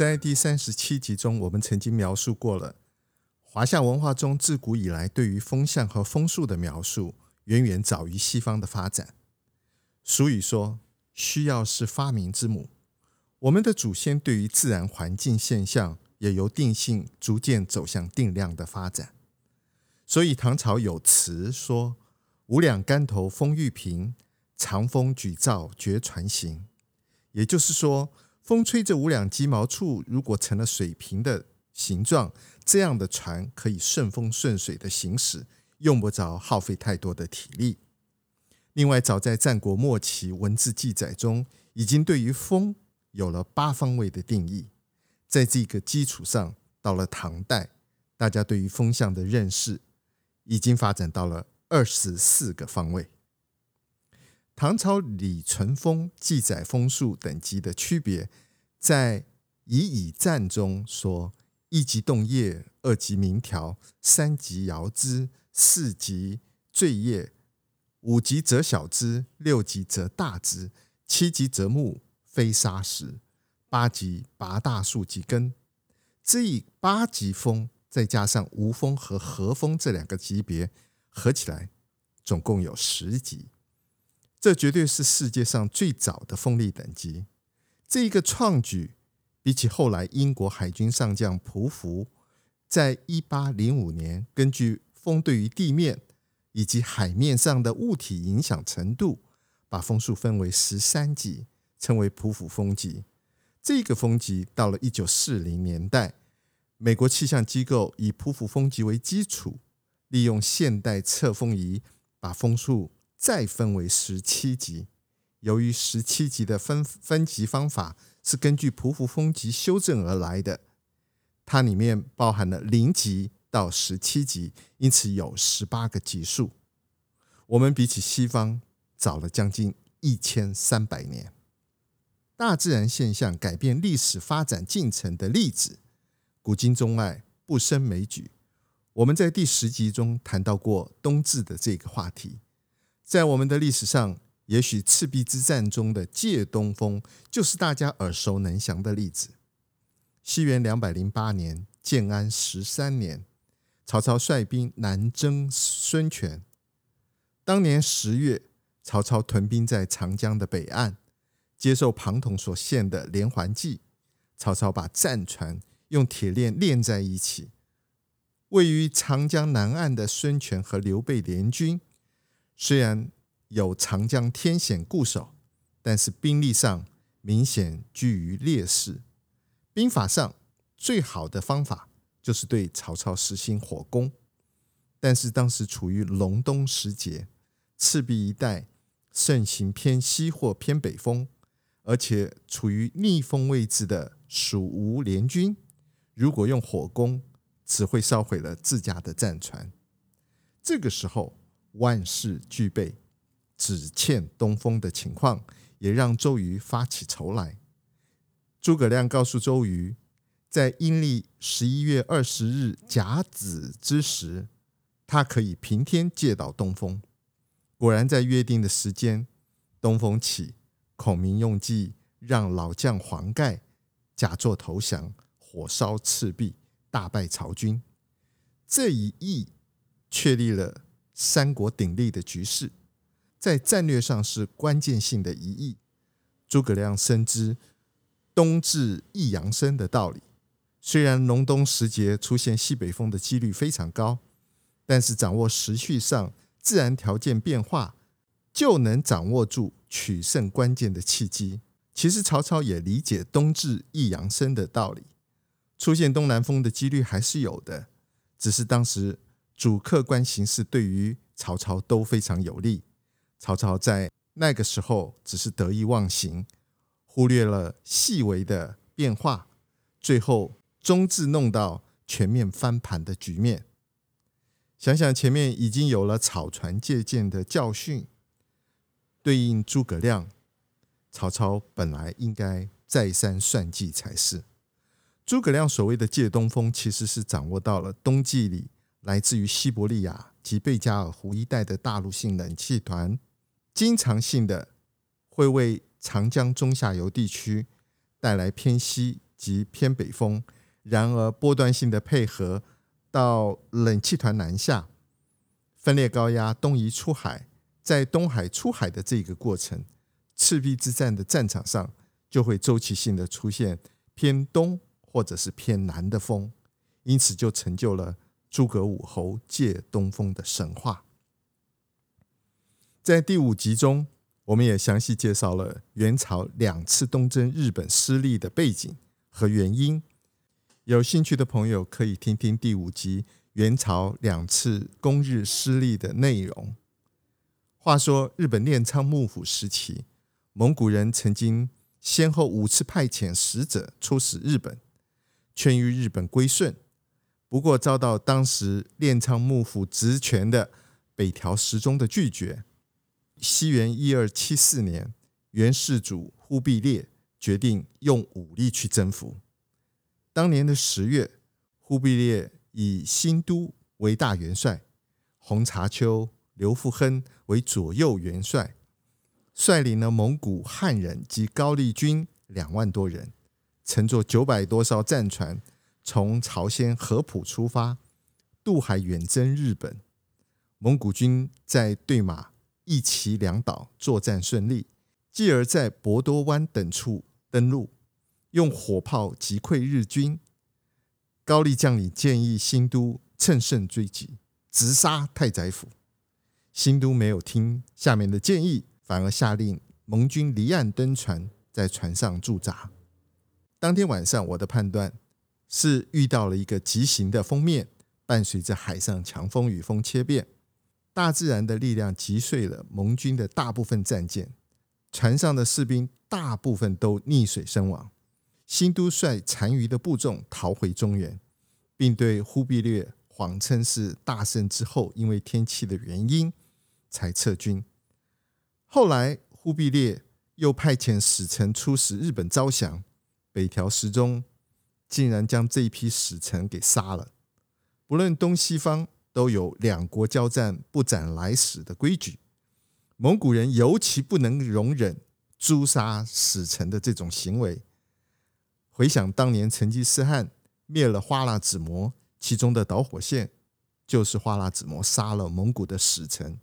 在第三十七集中，我們曾經描述過了華夏文化中自古以來對於風向和風速的描述，遠遠早於西方的發展。俗語說“需要是發明之母”，我們的祖先對於自然環境現象也由定性逐漸走向定量的發展。所以唐朝有詞說：“五兩竿頭風欲平，長風舉棹覺船行。”也就是說，風吹着五兩雞毛處，如果成了水平的形狀，這樣的船可以順風順水的行駛，用不着耗費太多的體力。另外，早在戰國末期文字記載中，已經對於風有了八方位的定義。在這個基礎上，到了唐代，大家對於風向的認識已經發展到了二十四個方位。唐朝李淳風記載風速等級的區別，在《乙巳占》中說：一級動葉，二級鳴條，三級搖枝，四級墜葉，五級折小枝，六級折大枝，七級折木飛沙石，八級拔大樹及根。這八級風再加上無風和和風這兩個級別，合起來總共有十級。這絕對是世界上最早的風力等級。這一個創舉，比起後來英國海軍上將蒲福，在一八零五年根據風對於地面以及海面上的物體影響程度，把風速分為十三級，稱為蒲福風級。這個風級到了一九四零年代，美國氣象機構以蒲福風級為基礎，利用現代測風儀把風速。再分為十七級，由於十七級的分分級方法是根據蒲福風級修正而來的，它裡面包含了零級到十七級，因此有十八個級數。我們比起西方早了將近一千三百年。大自然現象改變歷史發展進程的例子，古今中外不勝枚舉。我們在第十集中談到過冬至的這個話題。在我們的歷史上，也許赤壁之戰中的借東風就是大家耳熟能詳的例子。西元二百零八年，建安十三年，曹操率兵南征孫權。當年十月，曹操屯兵在長江的北岸，接受龐統所獻的連環計。曹操把戰船用鐵鏈鏈在一起，位於長江南岸的孫權和劉備聯軍。雖然有長江天險固守，但是兵力上明顯居於劣勢。兵法上最好的方法就是對曹操實行火攻，但是當時處於隆冬時節，赤壁一帶盛行偏西或偏北風，而且處於逆風位置的蜀吳聯軍，如果用火攻，只會燒毀了自家的戰船。這個時候。萬事俱備，只欠東風的情況，也讓周瑜發起愁來。諸葛亮告訴周瑜，在陰曆十一月二十日甲子之時，他可以平天借到東風。果然，在約定的時間，東風起，孔明用計讓老將黃蓋假作投降，火燒赤壁，大敗曹軍。這一役確立了。三國鼎立的局勢，在戰略上是關鍵性的一役。諸葛亮深知冬至一陽生的道理，雖然隆冬時節出現西北風的幾率非常高，但是掌握時序上自然條件變化，就能掌握住取勝關鍵的契機。其實曹操也理解冬至一陽生的道理，出現東南風的幾率還是有的，只是當時。主客觀形勢對於曹操都非常有利，曹操在那個時候只是得意忘形，忽略了細微的變化，最後終至弄到全面翻盤的局面。想想前面已經有了草船借箭的教訓，對應諸葛亮，曹操本來應該再三算計才是。諸葛亮所謂的借東風，其實是掌握到了冬季裡。來自於西伯利亞及貝加爾湖一帶的大陸性冷氣團，經常性的會為長江中下游地區帶來偏西及偏北風。然而，波段性的配合到冷氣團南下、分裂高壓東移出海，在東海出海的這個過程，赤壁之戰的戰場上就會周期性的出現偏東或者是偏南的風，因此就成就了。諸葛武侯借東風的神話，在第五集中，我們也詳細介紹了元朝兩次東征日本失利的背景和原因。有興趣的朋友可以聽聽第五集元朝兩次攻日失利的內容。話說，日本鐮倉幕府時期，蒙古人曾經先後五次派遣使者出使日本，勸喻日本歸順。不過，遭到當時鎌倉幕府執權的北條時宗的拒絕。西元一二七四年，元世祖忽必烈決定用武力去征服。當年的十月，忽必烈以新都為大元帥，洪茶丘、劉福亨為左右元帥，率領了蒙古、漢人及高麗軍兩萬多人，乘坐九百多艘戰船。從朝鮮合浦出發，渡海遠征日本。蒙古軍在對馬、壹岐兩島作戰順利，繼而在博多灣等處登陸，用火炮擊潰日軍。高麗將領建議新都乘勝追擊，直殺太宰府。新都沒有聽下面的建議，反而下令蒙軍離岸登船，在船上駐紮。當天晚上，我的判斷。是遇到了一個急行的鋒面，伴隨着海上強風與風切變，大自然的力量擊碎了盟軍的大部分戰艦，船上的士兵大部分都溺水身亡。新都率殘餘的部眾逃回中原，並對忽必烈謊稱是大勝之後，因為天氣的原因才撤軍。後來，忽必烈又派遣使臣出使日本招降北條時宗。竟然將這一批使臣給殺了。不論東西方，都有兩國交戰不斬來使的規矩。蒙古人尤其不能容忍誅殺使臣的這種行為。回想當年成吉思汗滅了花剌子模，其中的導火線就是花剌子模殺了蒙古的使臣，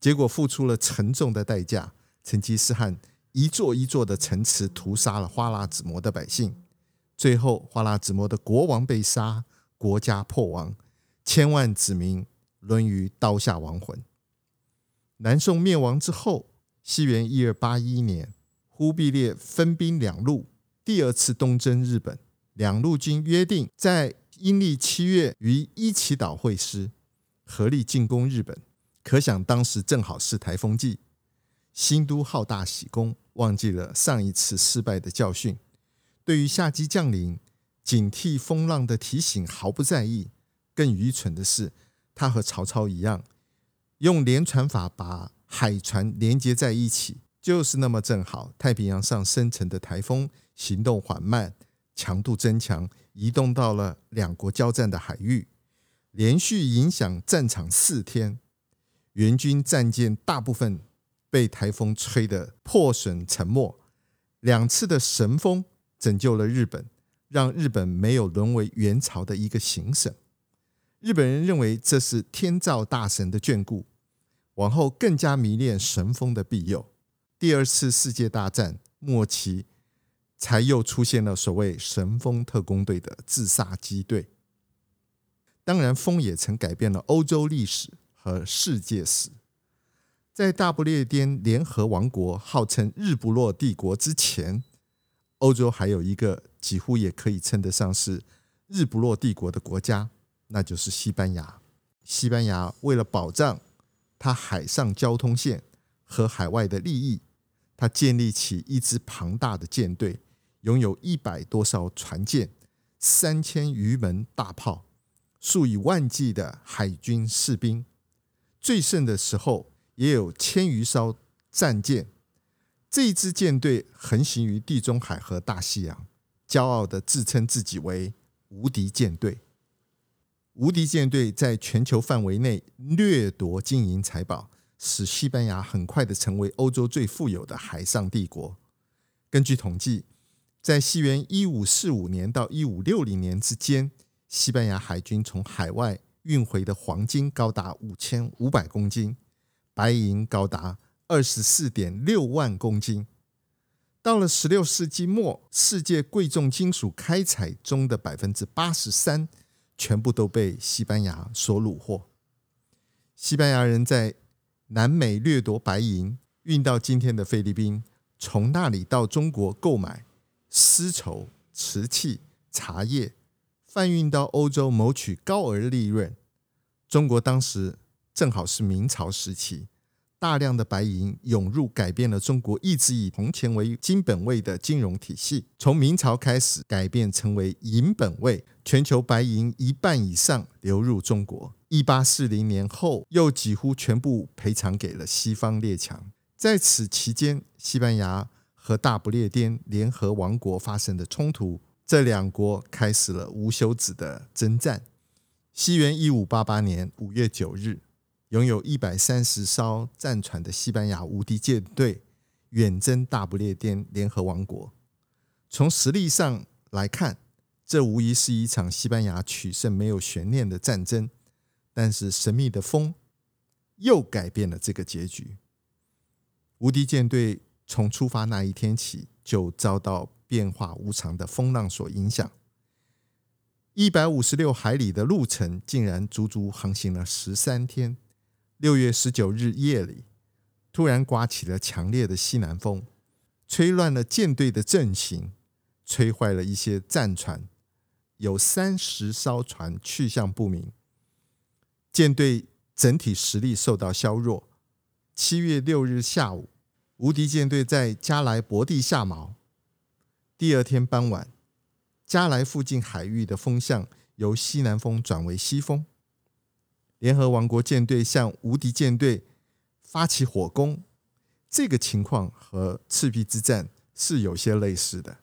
結果付出了沉重的代價。成吉思汗一座一座的城池屠殺了花剌子模的百姓。最後，花剌子模的國王被殺，國家破亡，千萬子民淪於刀下亡魂。南宋滅亡之後，西元一二八一年，忽必烈分兵兩路，第二次東征日本。兩路軍約定在陰曆七月於壹岐島會師，合力進攻日本。可想當時正好是台風季，新都好大喜功，忘記了上一次失敗的教訓。對於夏季降臨、警惕風浪的提醒毫不在意。更愚蠢的是，他和曹操一樣，用連船法把海船連接在一起，就是那麼正好。太平洋上生成的颱風行動緩慢，強度增強，移動到了兩國交戰的海域，連續影響戰場四天。援軍戰艦大部分被颱風吹得破損沉沒。兩次的神風。拯救了日本，讓日本沒有淪為元朝的一個行省。日本人認為這是天照大神的眷顧，往後更加迷戀神風的庇佑。第二次世界大戰末期，才又出現了所謂神風特攻隊的自殺機隊。當然，風也曾改變了歐洲歷史和世界史。在大不列顛聯合王國號稱日不落帝國之前。歐洲還有一個幾乎也可以稱得上是日不落帝國的國家，那就是西班牙。西班牙為了保障它海上交通線和海外的利益，它建立起一支龐大的艦隊，擁有一百多艘船艦，三千餘門大炮，數以萬計的海軍士兵。最盛的時候，也有千餘艘戰艦。這一支艦隊橫行於地中海和大西洋，驕傲地自稱自己為“無敵艦隊”。無敵艦隊在全球範圍內掠奪金銀財寶，使西班牙很快地成為歐洲最富有的海上帝國。根據統計，在西元一五四五年到一五六零年之間，西班牙海軍從海外運回的黃金高達五千五百公斤，白銀高達。二十四點六萬公斤。到了十六世紀末，世界貴重金屬開採中的百分之八十三，全部都被西班牙所虜獲。西班牙人在南美掠奪白銀，運到今天的菲律賓，從那裡到中國購買絲綢、瓷器、茶葉，販運到歐洲謀取高額利潤。中國當時正好是明朝時期。大量的白銀湧入，改變了中國一直以銅錢為金本位的金融體系，從明朝開始改變成為銀本位。全球白銀一半以上流入中國，一八四零年後又幾乎全部賠償給了西方列強。在此期間，西班牙和大不列顛聯合王國發生的衝突，這兩國開始了無休止的征戰。西元一五八八年五月九日。擁有一百三十艘戰船的西班牙無敵艦隊遠征大不列顛聯合王國。從實力上來看，這無疑是一場西班牙取勝沒有懸念的戰爭。但是神秘的風又改變了這個結局。無敵艦隊從出發那一天起就遭到變化無常的風浪所影響，一百五十六海里的路程竟然足足航行了十三天。六月十九日夜裡，突然颳起了強烈的西南風，吹亂了艦隊的陣型，吹壞了一些戰船，有三十艘船去向不明，艦隊整體實力受到削弱。七月六日下午，無敵艦隊在加萊泊地下錨。第二天傍晚，加萊附近海域的風向由西南風轉為西風。聯合王國艦隊向無敵艦隊發起火攻，這個情況和赤壁之戰是有些類似的。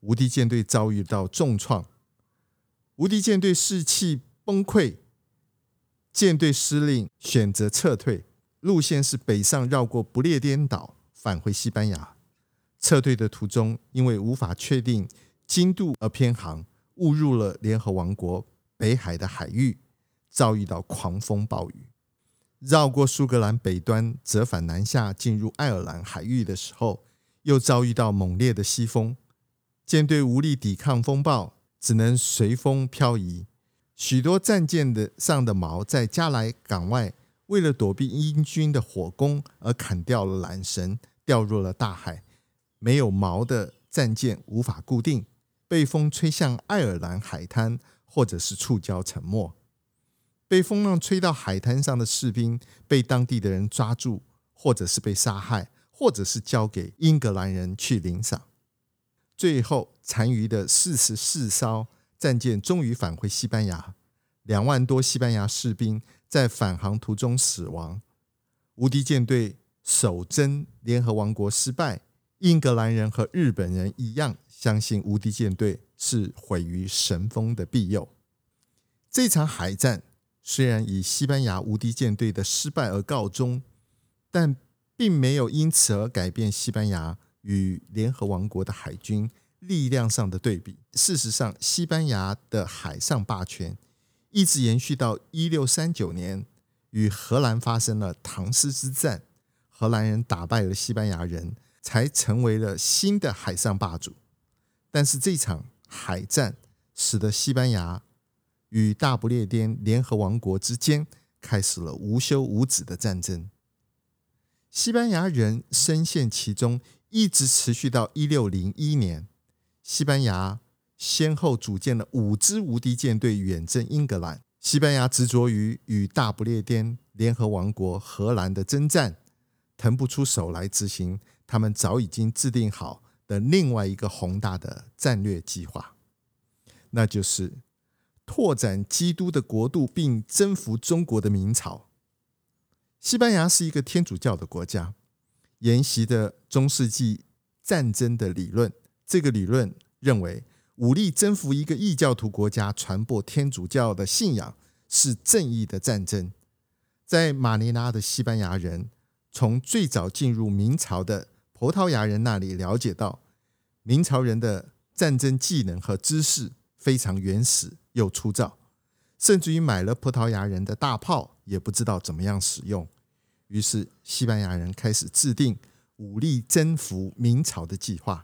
無敵艦隊遭遇到重創，無敵艦隊士氣崩潰，艦隊司令選擇撤退，路線是北上繞過不列顛島，返回西班牙。撤退的途中，因為無法確定經度而偏航，誤入了聯合王國北海的海域。遭遇到狂風暴雨，繞過蘇格蘭北端折返南下，進入愛爾蘭海域的時候，又遭遇到猛烈的西風，艦隊無力抵抗風暴，只能隨風漂移。許多戰艦的上的錨在加萊港外，為了躲避英軍的火攻而砍掉了纜繩，掉入了大海。沒有錨的戰艦無法固定，被風吹向愛爾蘭海灘，或者是觸礁沉沒。被風浪吹到海灘上的士兵被當地的人抓住，或者是被殺害，或者是交給英格蘭人去領賞。最後，殘餘的四十四艘戰艦終於返回西班牙，兩萬多西班牙士兵在返航途中死亡。無敵艦隊首征聯合王國失敗，英格蘭人和日本人一樣，相信無敵艦隊是毀於神風的庇佑。這場海戰，雖然以西班牙無敵艦隊的失敗而告終，但並沒有因此而改變西班牙與聯合王國的海軍力量上的對比。事實上，西班牙的海上霸權一直延續到一六三九年，與荷蘭發生了唐斯之戰，荷蘭人打敗了西班牙人，才成為了新的海上霸主。但是這場海戰使得西班牙。與大不列顛聯合王國之間開始了無休無止的戰爭，西班牙人深陷其中，一直持續到一六零一年。西班牙先後組建了五支無敵艦隊遠征英格蘭。西班牙執着於與大不列顛聯合王國、荷蘭的征戰，騰不出手來執行他們早已經制定好的另外一個宏大的戰略計劃，那就是。拓展基督的國度，並征服中國的明朝。西班牙是一個天主教的國家，沿襲的中世紀戰爭的理論。這個理論認為，武力征服一個異教徒國家，傳播天主教的信仰是正義的戰爭。在馬尼拉的西班牙人，從最早進入明朝的葡萄牙人那裡了解到，明朝人的戰爭技能和知識非常原始。又粗糙，甚至於買了葡萄牙人的大炮也不知道怎麼樣使用。於是西班牙人開始制定武力征服明朝的計劃。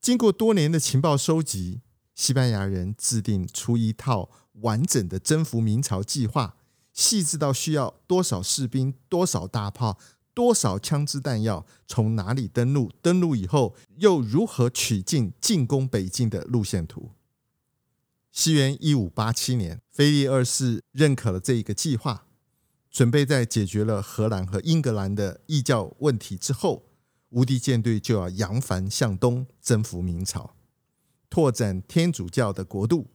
經過多年的情報收集，西班牙人制定出一套完整的征服明朝計劃，細致到需要多少士兵、多少大炮、多少槍支彈藥，從哪裡登陸，登陸以後又如何取進進攻北京的路線圖。西元一五八七年，腓力二世認可了這一個計劃，準備在解決了荷蘭和英格蘭的異教問題之後，無敵艦隊就要揚帆向東，征服明朝，拓展天主教的國度。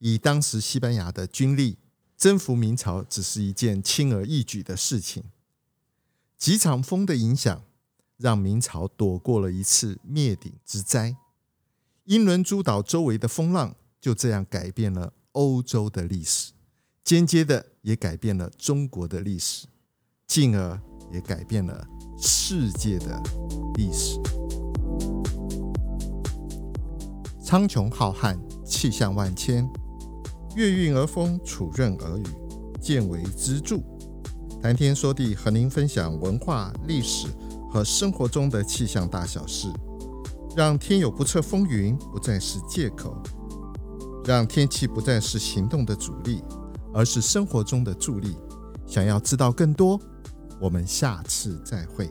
以當時西班牙的軍力，征服明朝只是一件輕而易舉的事情。幾場風的影響，讓明朝躲過了一次滅頂之災。英倫諸島周圍的風浪。就這樣改變了歐洲的歷史，間接的也改變了中國的歷史，進而也改變了世界的歷史。蒼穹浩瀚，氣象萬千，月暈而風，礎潤而雨，見微知著。談天說地，和您分享文化、歷史和生活中的氣象大小事，讓天有不測風雲不再是借口。讓天氣不再是行動的阻力，而是生活中的助力。想要知道更多，我們下次再會。